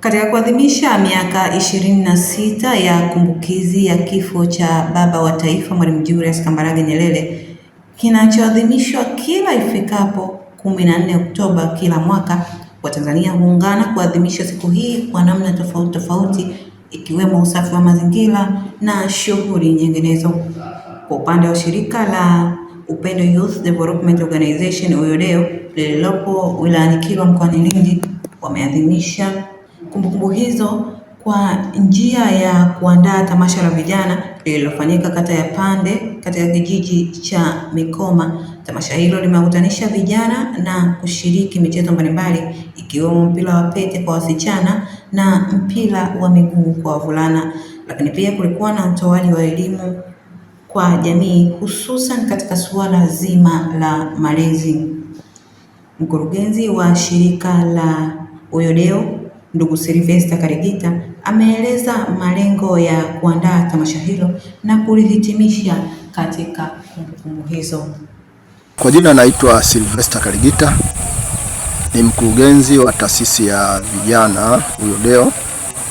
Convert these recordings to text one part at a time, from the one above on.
Katika kuadhimisha miaka ishirini na sita ya kumbukizi ya kifo cha baba wa taifa Mwalimu Julius Kambarage Nyerere kinachoadhimishwa kila ifikapo kumi na nne Oktoba kila mwaka, Watanzania huungana kuadhimisha siku hii kwa namna tofauti tofauti ikiwemo usafi wa mazingira na shughuli nyinginezo. Kwa upande wa shirika la Upendo Youth Development Organization UYODEO lililopo wilayani Kilwa mkoani Lindi wameadhimisha kumbukumbu hizo kwa njia ya kuandaa tamasha la vijana lililofanyika kata ya Pande katika kijiji cha Mikoma. Tamasha hilo limewakutanisha vijana na kushiriki michezo mbalimbali ikiwemo mpira wa pete kwa wasichana na mpira wa miguu kwa wavulana, lakini pia kulikuwa na utoaji wa elimu kwa jamii hususan katika suala zima la malezi. Mkurugenzi wa shirika la Uyodeo Ndugu Silvesta Karigita ameeleza malengo ya kuandaa tamasha hilo na kulihitimisha katika kumbukumbu hizo. Kwa jina naitwa Silvesta Karigita, ni mkurugenzi wa taasisi ya vijana Uyodeo,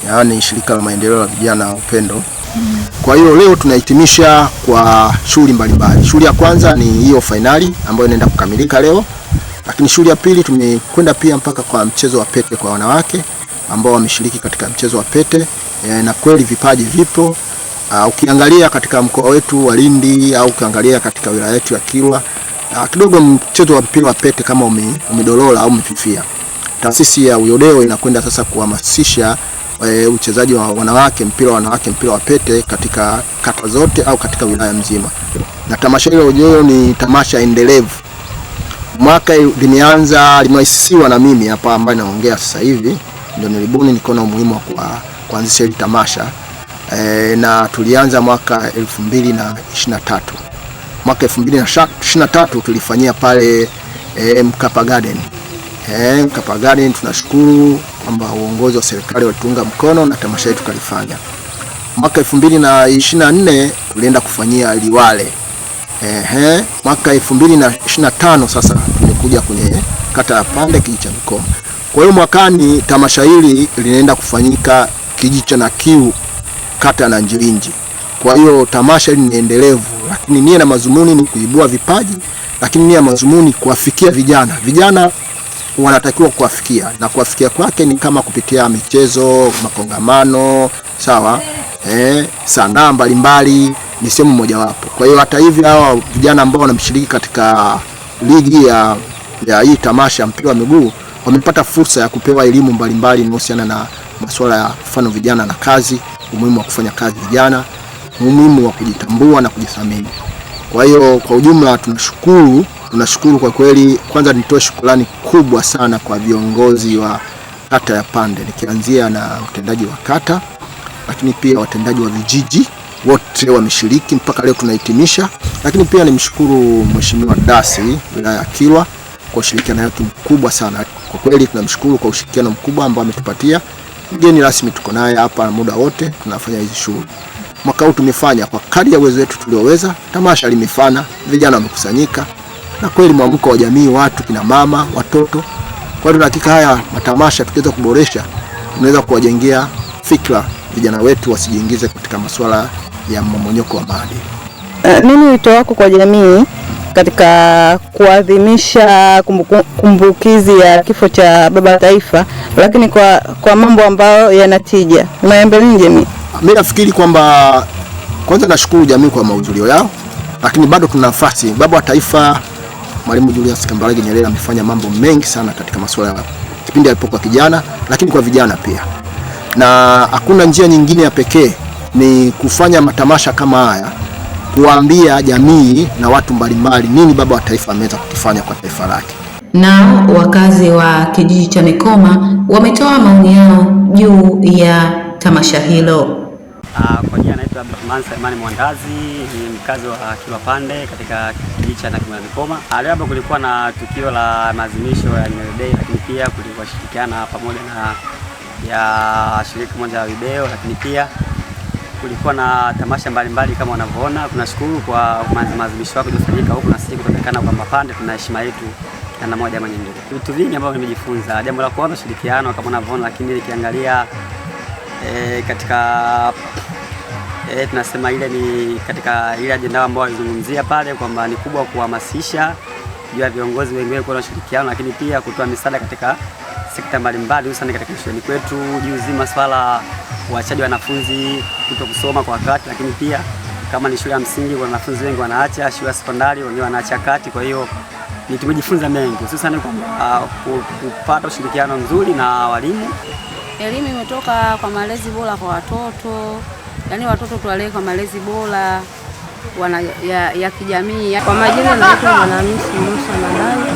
yaani shirika la maendeleo la vijana Upendo. Kwa hiyo leo tunahitimisha kwa shughuli mbalimbali. Shughuli ya kwanza ni hiyo fainali ambayo inaenda kukamilika leo, lakini shughuli ya pili tumekwenda pia mpaka kwa mchezo wa pete kwa wanawake ambao wameshiriki katika mchezo wa pete e, na kweli vipaji vipo. Uh, ukiangalia katika mkoa wetu wa Lindi au ukiangalia katika wilaya yetu ya Kilwa uh, kidogo mchezo wa mpira wa pete kama umedolola au umefifia. Taasisi ya Uyodeo inakwenda sasa kuhamasisha uh, uchezaji wa wanawake mpira wa wanawake mpira wa pete katika kata zote au katika wilaya mzima, na tamasha hilo Uyodeo ni tamasha endelevu. Mwaka limeanza limeasisiwa na mimi hapa ambaye naongea sasa hivi ndio nilibuni nikaona umuhimu wa kuanzisha hili tamasha e, na tulianza mwaka elfu mbili na ishirini na tatu mwaka elfu mbili na ishirini na tatu tulifanyia pale e, Mkapa Garden e, Mkapa Garden. Tunashukuru kwamba uongozi wa serikali walituunga mkono na tamasha yetu kalifanya. Mwaka elfu mbili na ishirini na nne tulienda kufanyia Liwale. Ehe, mwaka elfu mbili na ishirini na tano sasa tumekuja kwenye kata ya Pande kijiji cha Mikoma. Kwa hiyo mwakani tamasha hili linaenda kufanyika kijiji cha Nakiu kata na Nanjirinji. Kwa hiyo tamasha hili ni endelevu, lakini nia na mazumuni ni kuibua vipaji, lakini nia mazumuni kuwafikia vijana. Vijana wanatakiwa kuwafikia na kuwafikia kwake ni kama kupitia michezo, makongamano, sawa eh, sanaa mbalimbali ni sehemu mojawapo. Kwa hiyo hata hivi hawa vijana ambao wanamshiriki katika ligi ya ya hii tamasha mpira wa miguu wamepata fursa ya kupewa elimu mbalimbali inayohusiana na masuala ya mfano vijana na kazi, umuhimu wa kufanya kazi vijana, umuhimu wa kujitambua na kujithamini. Kwa hiyo kwa ujumla tunashukuru, tunashukuru kwa kweli. Kwanza nitoe shukrani kubwa sana kwa viongozi wa kata ya Pande, nikianzia na utendaji wa kata, lakini pia watendaji wa vijiji wote wameshiriki mpaka leo tunahitimisha. Lakini pia nimshukuru Mheshimiwa Dasi wilaya ya Kilwa kwa ushirikiano wetu mkubwa sana. Kwa kweli tunamshukuru kwa ushirikiano mkubwa ambao ametupatia. Mgeni rasmi tuko naye hapa muda wote tunafanya hizi shughuli. Mwaka huu tumefanya kwa kadri ya uwezo wetu tulioweza. Tamasha limefana, vijana wamekusanyika, na kweli mwamko wa jamii, watu, kina mama, watoto. Kwa hiyo hakika haya matamasha tukiweza kuboresha, tunaweza kuwajengea fikra vijana wetu wasijiingize katika masuala ya mmomonyoko wa maadili. Uh, eh, nini wito wako kwa jamii katika kuadhimisha kumbukizi ya kifo cha baba taifa, lakini kwa, kwa mambo ambayo yanatija unaembelini mi Mimi nafikiri kwamba kwanza nashukuru jamii kwa mahudhurio yao, lakini bado tuna nafasi. Baba wa taifa Mwalimu Julius Kambarage Nyerere amefanya mambo mengi sana katika masuala ya kipindi alipokuwa kijana, lakini kwa vijana pia, na hakuna njia nyingine ya pekee ni kufanya matamasha kama haya kuwaambia jamii na watu mbalimbali nini baba wa taifa ameweza kukifanya kwa taifa lake. Na wakazi wa kijiji cha Mikoma wametoa maoni yao juu ya tamasha hilo. Uh, kwa jina naitwa Mansa Imani Mwandazi, ni mkazi wa Kilwapande katika kijiji cha Mikoma. Ah, leo kulikuwa na tukio la maadhimisho ya Nyerere Day, lakini pia kulikuwa shirikiana pamoja na ya shirika moja la video, lakini pia kulikuwa na tamasha mbalimbali kama wanavyoona. Tunashukuru kwa maadhimisho yako yaliyofanyika huku, na sisi kutokana kwamba Pande tuna heshima yetu na moja ama nyingine. Vitu vingi ambavyo nimejifunza, jambo la kwanza ushirikiano kama unavyoona, lakini nikiangalia e, katika e, tunasema ile ni katika ile ajenda ambayo alizungumzia pale kwamba ni kubwa kuhamasisha juu ya viongozi wengine kuwa na ushirikiano, lakini pia kutoa misaada katika sekta mbalimbali, hususani katika shuleni kwetu, juu zima swala uachaji wanafunzi kuto kusoma kwa wakati, lakini pia kama ni shule ya msingi, kuna wanafunzi wengi wanaacha shule ya sekondari, wengine wanaacha kati. Kwa hiyo ni tumejifunza mengi, hususan uh, kupata ushirikiano mzuri na walimu. Elimu imetoka kwa malezi bora kwa watoto, yaani watoto tuwalee kwa malezi bora wana, ya, ya kijamii. Kwa majina naitwa Mwanamisi Musa Madani,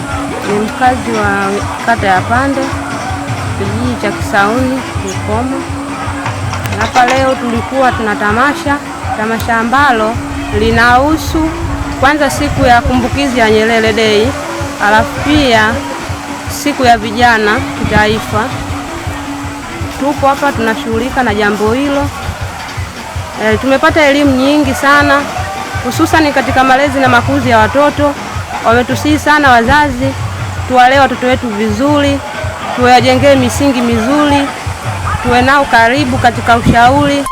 ni mkazi wa kata ya Pande, kijiji cha Kisauni Mkomo. Hapa leo tulikuwa tuna tamasha, tamasha ambalo linahusu kwanza siku ya kumbukizi ya Nyerere Day, alafu pia siku ya vijana kitaifa. Tupo hapa tunashughulika na jambo hilo. E, tumepata elimu nyingi sana hususani katika malezi na makuzi ya watoto. Wametusihi sana wazazi tuwalee watoto wetu vizuri, tuwajengee misingi mizuri tuwe nao karibu katika ushauri.